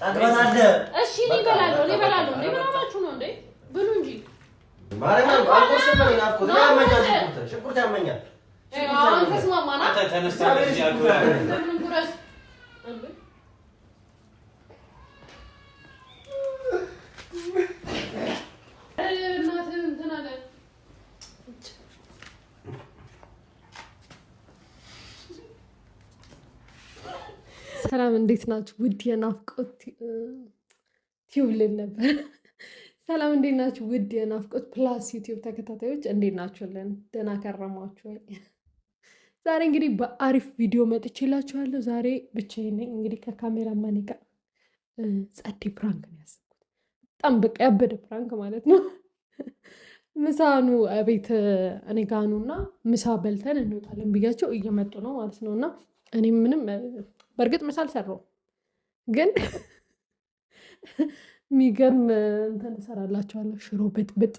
እሺ እኔ እበላለሁ እኔ እበላለሁ። ነው እንዴ? ብሉ እንጂ ሰላም እንዴት ናችሁ? ውድ የናፍቆት ቲዩብልን ነበር። ሰላም እንዴት ናችሁ? ውድ የናፍቆት ፕላስ ዩቲዩብ ተከታታዮች እንዴት ናችሁልን? ደህና ከረማችሁ? ዛሬ እንግዲህ በአሪፍ ቪዲዮ መጥቼላችኋለሁ። ዛሬ ብቻዬን ነኝ እንግዲህ ከካሜራ ጋር ጸዴ ፕራንክ ነው ያሰብኩት። በጣም በቃ ያበደ ፕራንክ ማለት ነው። ምሳኑ ቤት እኔ እና ምሳ በልተን እንወጣለን ብያቸው እየመጡ ነው ማለት ነው እና እኔ ምንም በእርግጥ ምሳ አልሰራሁም፣ ግን የሚገርም እንትን እሰራላችኋለሁ። ሽሮ ብጥብጥ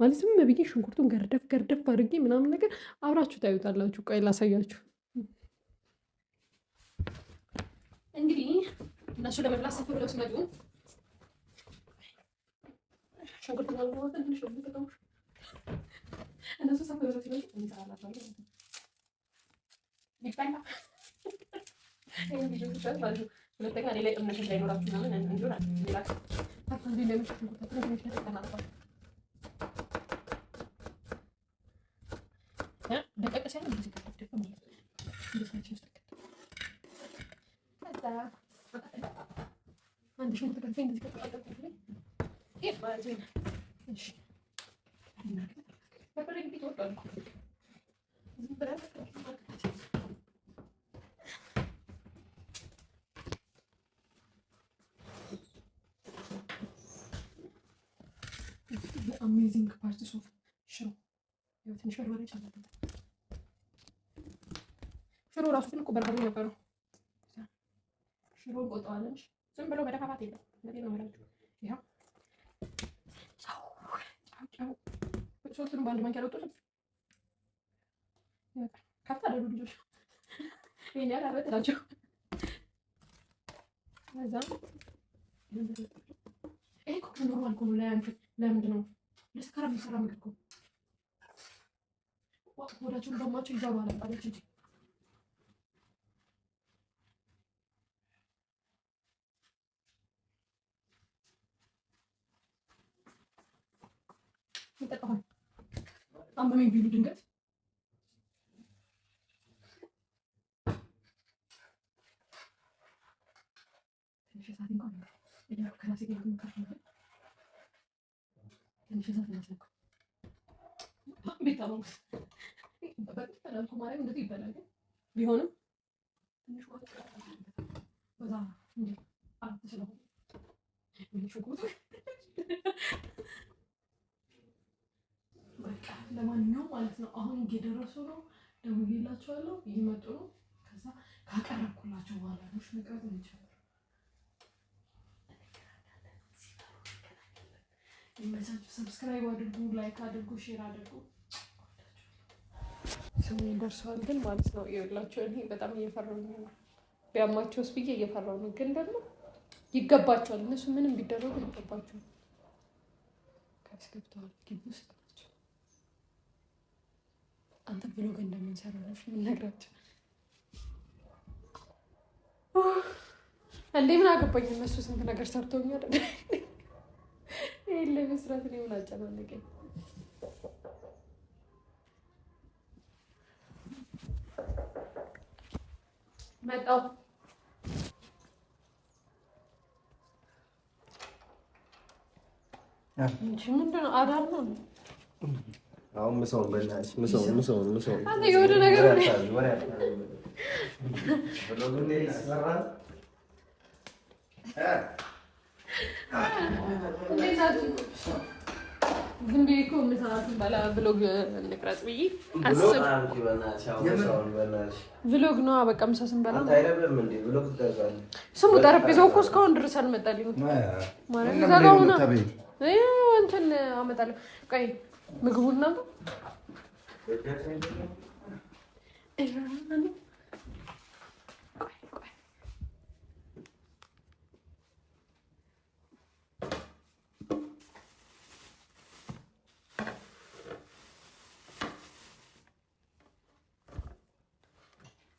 ማለት ዝም ብዬ ሽንኩርቱን ገርደፍ ገርደፍ አድርጌ ምናምን ነገር አብራችሁ ታዩታላችሁ። ቆይ ላሳያችሁ። እንግዲህ እነሱ ለመብላት ሰፍ ብለው ሲመጡ እነሱ ሰፍ ብለው ሲመጡ ሁለተኛ ሌላ እምነት እንዳይኖራችሁ ምናምን እንዲሆን ደቀቅ ሽሮ ራሱን እኮ በርበሬ ነበረው። ሽሮ እንቆጠዋለን። ዝም ብሎ መደፋፋት የለም። እንደዚህ ነው የምላችሁ። ይኸው ሶስቱን በአንድ ማንኪያ ለውጡትም ከፍታ አደሉ ልጆች ይህን ያህል አልበት ናቸው። ከዛ ይሄ እኮ ኖርማል እኮ ነው። ለምንድን ነው ለስካራ የሚሰራ ምግብ እኮ ወዳችሁ እንደማችሁ እያሉ እንጂ አመመኝ ቢሉ ድንገት ትንሽ እሳት እንኳን ከራሴ ጋር ትንሽ እሳት ቢሆንም ለማንኛውም ማለት ነው አሁን እየደረሱ ነው። ደውዬላቸዋለሁ እየመጡ ነው። ከዛ ካቀረብኩላቸው በኋላ ሽ መቅረት እንችላለን። ሰብስክራይብ አድርጉ፣ ላይክ አድርጉ፣ ሼር አድርጉ። ሰሞን ደርሰዋል ግን ማለት ነው ይላቸው እኔ በጣም እየፈራሁ ነው። ቢያማቸውስ ብዬ እየፈራሁ ነው። ግን ደግሞ ይገባቸዋል። እነሱ ምንም ቢደረጉ ይገባቸዋል። ከስገብተዋል ግቢ ውስጥ ናቸው። አንተ ብሎግ እንደምንሰራ ነው የምንነግራቸው። እንዴ ምን አገባኝ? እነሱ ስንት ነገር ሰርተውኛል። ይህን ለመስራት እኔ ምን አጨናነቀኝ? Ahmet al. Gel. Şimdi dün aramam. Alma son benden. Şimdi son, şimdi son, şimdi son. Hadi yoruna ዝም ብዬሽ እኮ የምሰራትን በላ ብሎግ እንቅረጽ ብዬ ብሎግ ነዋ። በቃ ምሳ ስንበላ ስሙ ጠረጴዛው እኮ እስካሁን ድረስ አልመጣልኝም። እንትን አመጣለሁ። ቆይ ምግቡን እናንተ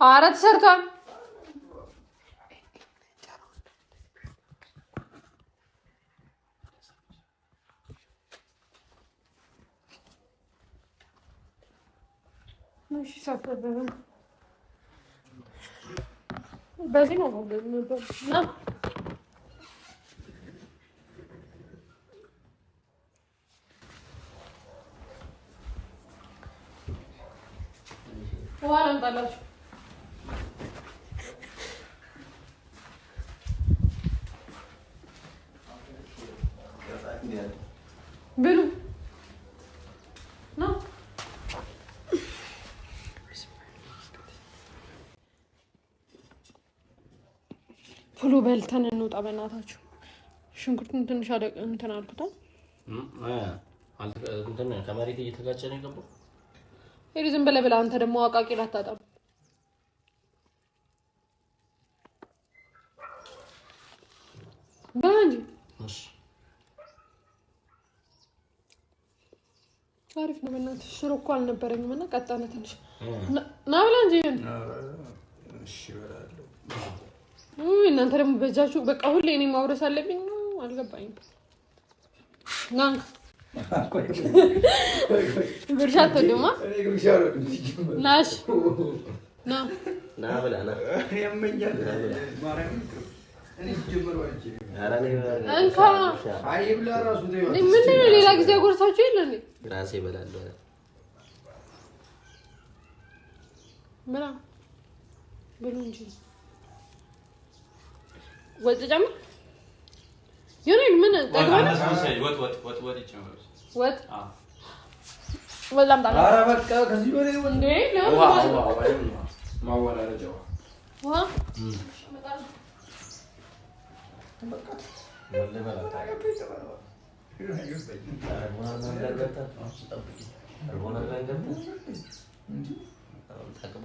Araç sırtım. şey sakladım. Bezin olmadı. Ne? O aran talaş. Bölüm. ቶሎ በልተን እንውጣ በእናታችሁ። ሽንኩርቱን ትንሽ አደቅ እንትን አልኩታል። ከመሬት እየተጋጨ ነው የገባው። ሄዱ ዝም ብለህ ብላ። አንተ ደግሞ አቃቂ ላታጣም። በእንጂ አሪፍ ነው በእናትህ። ሽሮ እኮ አልነበረኝም እና ቀጣነ ትንሽ ና ብላ እንጂ እናንተ ደግሞ በጃችሁ በቃ ሁሌ እኔ ማውረስ አለብኝ ነው አልገባኝም። ናንክ ጉርሻ አትወድማ ናሽ ና ምንድነው? ሌላ ጊዜ አጎርሳችሁ የለን ራሴ እበላለሁ። ብላ ብሉ እንጂ ወጥ ጨምር ዩኒን ምን ጠግባ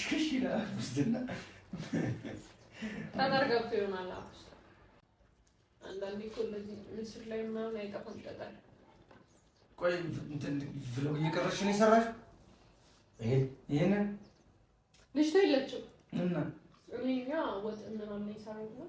ሽሽ ይላል ውስጥና ጠጠር አንዳንዴ እኮ እንደዚህ ምስል ላይ ምናምን አይጠፋም ጠጠር። ቆይ ብለው እየቀረች ነው የሰራሽ? ይህንን ልጅቷ የለችም እና እኔ ወጥ ምናምን የሰራሁት ነው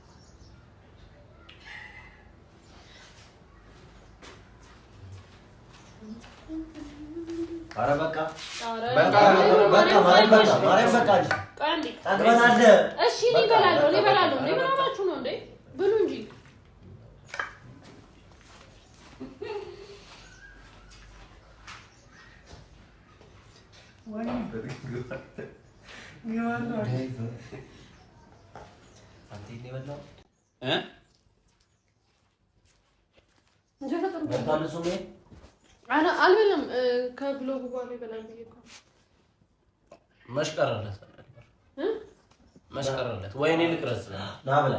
ኧረ በቃ በቃ በቃ ማርያም በቃ። እሺ እኔ እበላለሁ እኔ እበላለሁ። ብሎ ጉባኤ ይበላል ብዬ እኮ መሽቀረለት መሽቀረለት። ወይኔ ልቅረጽ። ና ብላ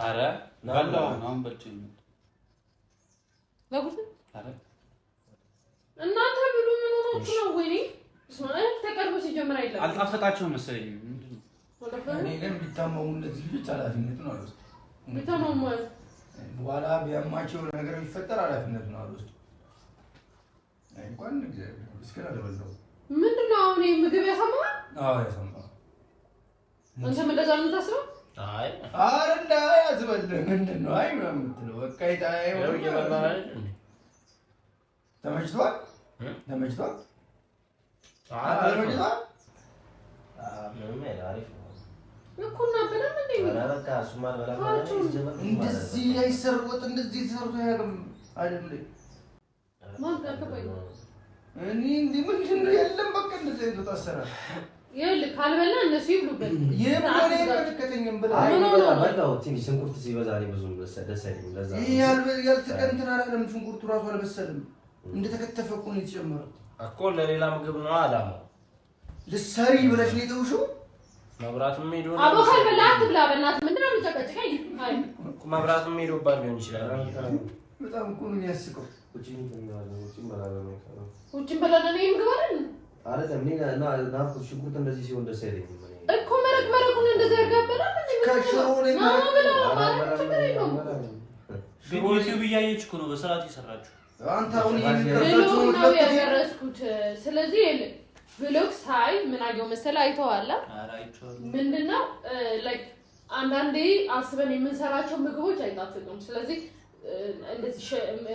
ኧረ ነው እናንተ ምን ሆናችሁ ነው? ወይኔ ተቀርቦ ሲጀምር አይደለም መሰለኝ። እኔ ግን ቢታመሙ እነዚህ ልጆች ኃላፊነት ነው አልወስድም። ቢታመሙ በኋላ ቢያማቸው ነገር ኃላፊነት ነው አልወስድም እንኳን እግዚአብሔር ምስኪን አለበዛው። ምንድን ነው አሁን ምግብ ያሰማል? አዎ ያሰማል። አንተም እንደዛ ነው የምታስበው? አይ ኧረ እንደ አያዝበልህ ምንድን ነው አይ ምናምን የምትለው በቃ ተመችቷል፣ ተመችቷል፣ እንደዚህ አይሰር እንደዚህ ተሰርቶ አያውቅም አይደል? እኔ እንዴ ምንድን ነው የለም፣ ሽንኩርት ሲበዛ ብዙ ደስ ሽንኩርቱ ራሱ አልበሰልም፣ እንደተከተፈ እኮ ነው የተጨመረው እኮ። ለሌላ ምግብ ነው አላማው። ልሰሪ ብለሽ ነው የተውሽው። መብራትም ሄዶ አቦ ካልበላ አትብላ። በእናትህ ምንድን ነው የምጨቀጭቀኝ? መብራትም ሄዶባት ሊሆን ይችላል። በጣም እኮ ነው የሚያስቀው ውጭም በላለ ነው ምግብ አይደል? አይደለም እና ናፍቆት ሽንኩርት እንደዚህ ሲሆን ደስ አይለኝም እኮ መረቅ መረቁን እንደዚህ ያጋበላል። ዩቲዩብ እያየች እኮ ነው በስርዓት የሰራችሁ። አንተ አሁን ነው ያደረስኩት። ስለዚህ ብሎግ ሳይ ምን አየሁ መሰለህ? አይተዋላ ምንድነው ላይክ አንዳንዴ አስበን የምንሰራቸው ምግቦች አይጣፍጡም። ስለዚህ እንደዚህ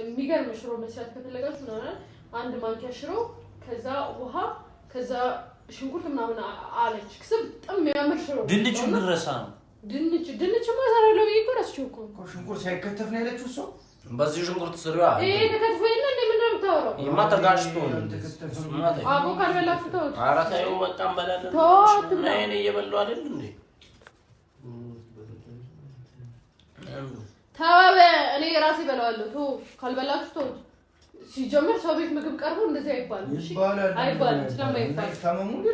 የሚገርም ሽሮ መስራት ከፈለጋችሁ ምናምን አንድ ማንኪያ ሽሮ፣ ከዛ ውሃ፣ ከዛ ሽንኩርት ምናምን አለች። ክስ በጣም የሚያምር ሽሮ። ድንቹ ምን ነው? ድንች ድንች ማሰራ ለው ይቆራስ እኮ ሽንኩርት ሳይከተፍ ነው ያለችው እሷ። በዚህ ሽንኩርት ስሪዋ ይሄ ተከትፎ የለ እንደ ምን ነው የምታወራው? ይማ ተጋሽቶ አቦ። ካልበላችሁ ተውት። ኧረ ተይው በቃ እንበላለን። ተው ነው እኔ እየበላሁ አይደል እንዴ? ተባበ እኔ ራሴ እበላዋለሁ። ቶ ካልበላችሁ ቶ ሲጀመር ሰው ቤት ምግብ ቀርቦ እንደዚህ አይባልም። እሺ አይባልም። ስለማይባል ታመሙ ነው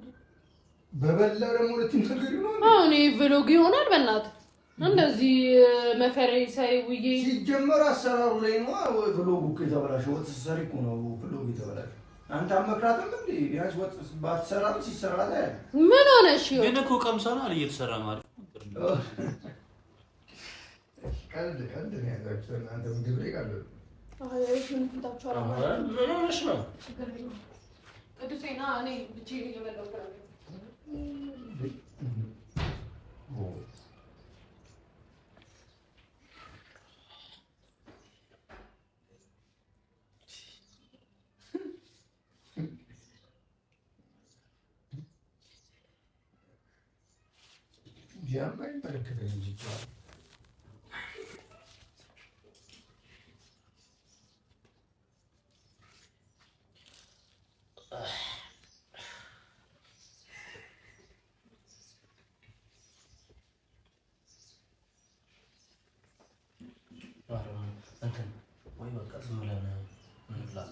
በበላ ደግሞ ለትንፈልገሪ ነው። አሁን ይሆናል። በእናት እንደዚህ መፈረንሳይ ውዬ ሲጀመር አሰራሩ ላይ ነው። ቪሎግ እኮ የተበላሸው ወጥ ስትሰሪ እኮ ነው ቪሎግ የተበላሸው። አንተ አመክራትም እንዴ? ያች ወጥ ባትሰራም ሲሰራ ላይ ምን ሆነሽ? ግን እኮ ቀምሳ ነው አለ ማለት ቀልድ ቀልድ ነው ያላችሁ እናንተ ምግብ ላይ ቀልድ ነው። Diğer ben bırakırım diyeceğim.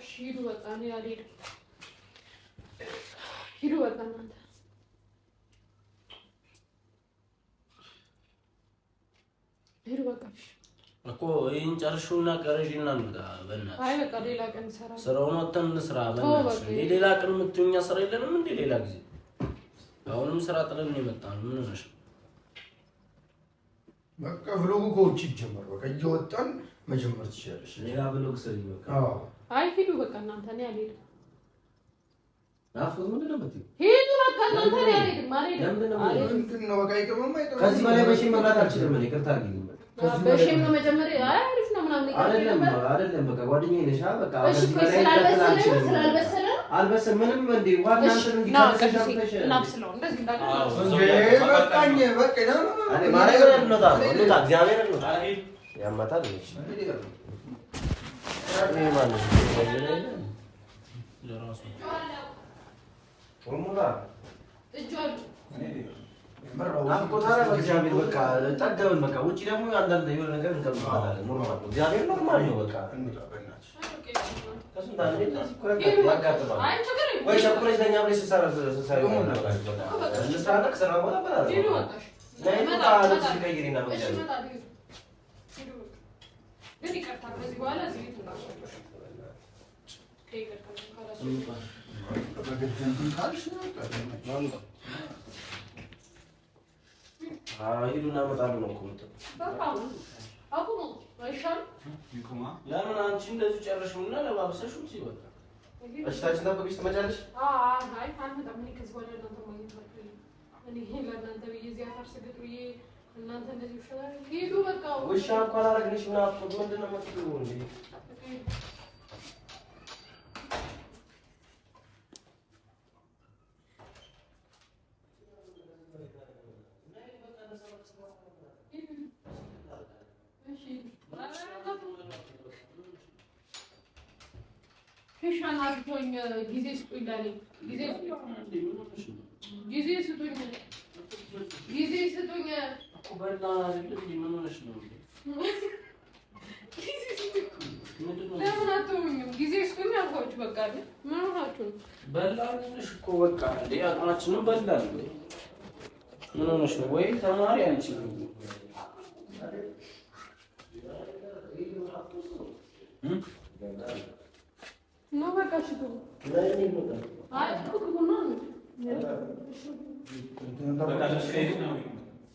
እሺ ሂዱ በቃ እኔ አልሄድም። ሂዱ በቃ እናንተ ሂዱ በቃ እኮ ይሄን ጨርሹና ቀረሽ እና በእናትሽ ስራውን ወተን እንስራ። በእናትሽ ሌላ ቀን የምትኛ ስራ የለንም እንዴ? ሌላ ጊዜ አሁንም ስራ ጥለን የመጣ ነው። ምን ሆነሽ? በቃ ብሎጉ ከውጭ ይጀመር በቃ እየወጣን መጀመር ትችላለሽ። ሌላ ብሎግ ስሪ። በቃ አይ ሂዱ በቃ እናንተ ነው ያልሄድም። ነው በቃ እናንተ ነው ነው በቃ አይቀርም። ከዚህ በላይ በሺህ መብላት አልችልም። እኔ ነው ምናምን አይደለም፣ አይደለም። በቃ ጓደኛዬ በቃ ስላልበሰለ ስላልበሰለ ምንም ዋና እንትን እንደዚህ በቃ ነው ማለት ነው። እግዚአብሔር ነው ያመታል እግዚአብሔር በቃ ጠገብን። በቃ ውጭ ደግሞ አንዳንድ የሆነ ነገር እንቀምጣለን። ኖርማል እግዚአብሔር ኖርማል ነው። በቃ ወይ ግን ይቅርታ ከዚህ በኋላ እዚህ ቤት ሂዱና እመጣለሁ ነው እኮ ለምን አንቺ እንደዚህ ጨረሽው እና ለባብሰሽው ሲወጣ በሽታችን ጠብቀሽ ትመጫለሽ። አይ አልመጣም። እኔ ከዚህ በኋላ እናንተ ማግኘት እኔ ለእናንተ ብዬ እዚህ አፈር ስግጥ ብዬ እናንተ እንደዚህ ውሻ ሂዱ በቃ ውሻ እንኳን አላደረግንሽ ምናምን ምንድን ነው የምትይው እንጂ ፊሻን አግቶኝ ጊዜ ስጡኝ አለኝ። ጊዜ ስጡኝ ጊዜ ስጡኝ ጊዜ ስጡኝ በላ ምን ሆነሽ ነው? ጊዜ ስጡኝ አልኳችሁ። በቃ ምን ሆናችሁ ነው? በላንሽ እኮ በቃ እንደ አቅማችንም በላን። ምን ሆነሽ ነው? ወይ ተማሪ አንቺ ነው በቃ ሽቱ አይ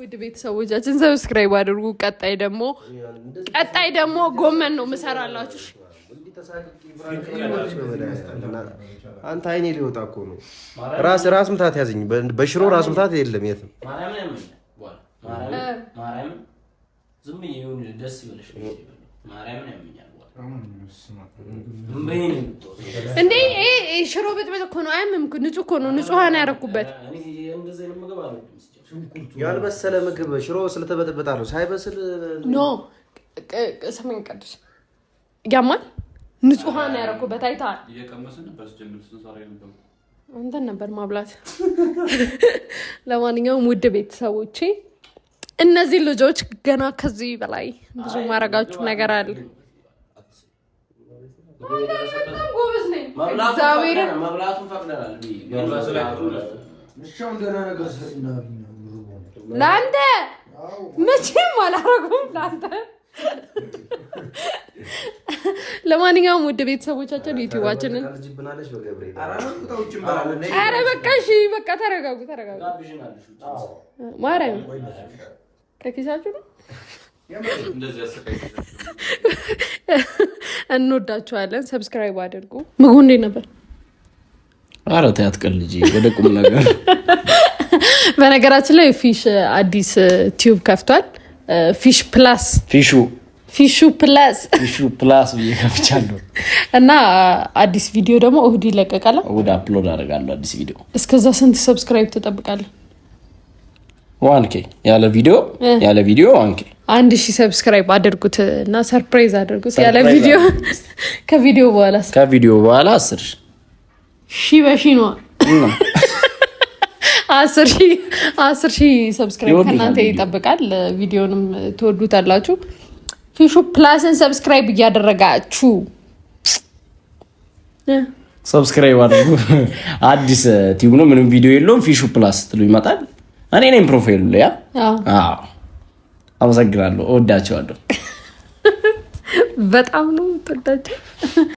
ውድ ቤተሰቦቻችን ሰብስክራይብ አድርጉ። ቀጣይ ደግሞ ቀጣይ ደግሞ ጎመን ነው ምሰራላችሁ። አንተ አይኔ ሊወጣ እኮ ነው። ራስ ራስ ምታት ያዘኝ። በሽሮ ራስ ምታት የለም የትም እንዴ ሽሮ ብጥብጥ እኮ ነው። አያምም። ንጹህ እኮ ነው። ንጹሃን ያረኩበት ያልበሰለ ምግብ ሽሮ ስለተበጠበጣ ነው። ሳይበስል ኖ ሰሜን ቅዱስ ያማል። ንጹሐን ያደረኩበት አይተሃል። እንትን ነበር ማብላት። ለማንኛውም ውድ ቤተሰቦቼ እነዚህ ልጆች ገና ከዚህ በላይ ብዙ ማድረጋችሁ ነገር አለ። እግዚአብሔርን ለአንተ መቼም አላረጉም ለአንተ። ለማንኛውም ውድ ቤተሰቦቻችን ዩቲዩባችንን ኧረ በቃ እሺ፣ በቃ ተረጋጉ፣ ተረጋጉ። ማርያም ከኪሳችሁ ነው። እንወዳችኋለን። ሰብስክራይብ አድርጉ። ምግቡ እንዴት ነበር? አረ ተያትቀል ልጅ ወደ ቁም ነገር በነገራችን ላይ ፊሽ አዲስ ቲዩብ ከፍቷል። ፊሽ ፕላስ ፊሹ ፊሹ ፕላስ ፊሹ ፕላስ ብዬ ከፍቻለሁ እና አዲስ ቪዲዮ ደግሞ እሁድ ይለቀቃል። እሁድ አፕሎድ አደርጋለሁ አዲስ ቪዲዮ። እስከዛ ስንት ሰብስክራይብ ትጠብቃለህ? ዋን ያለ ቪዲዮ ያለ ቪዲዮ ዋን አንድ ሺህ ሰብስክራይብ አድርጉት እና ሰርፕራይዝ አድርጉት። ያለ ቪዲዮ ከቪዲዮ በኋላ ከቪዲዮ በኋላ አስር ሺህ በሺህ ነዋ አስር ሺህ ሰብስክራይብ ከእናንተ ይጠብቃል። ቪዲዮንም ትወዱታላችሁ። ፊሹ ፕላስን ሰብስክራይብ እያደረጋችሁ ሰብስክራይብ አድርጉ። አዲስ ቲዩብ ነው፣ ምንም ቪዲዮ የለውም። ፊሹ ፕላስ ትሉ ይመጣል። እኔ እኔም ፕሮፋይሉ ያ አመሰግናለሁ። እወዳቸዋለሁ። በጣም ነው ተወዳቸው።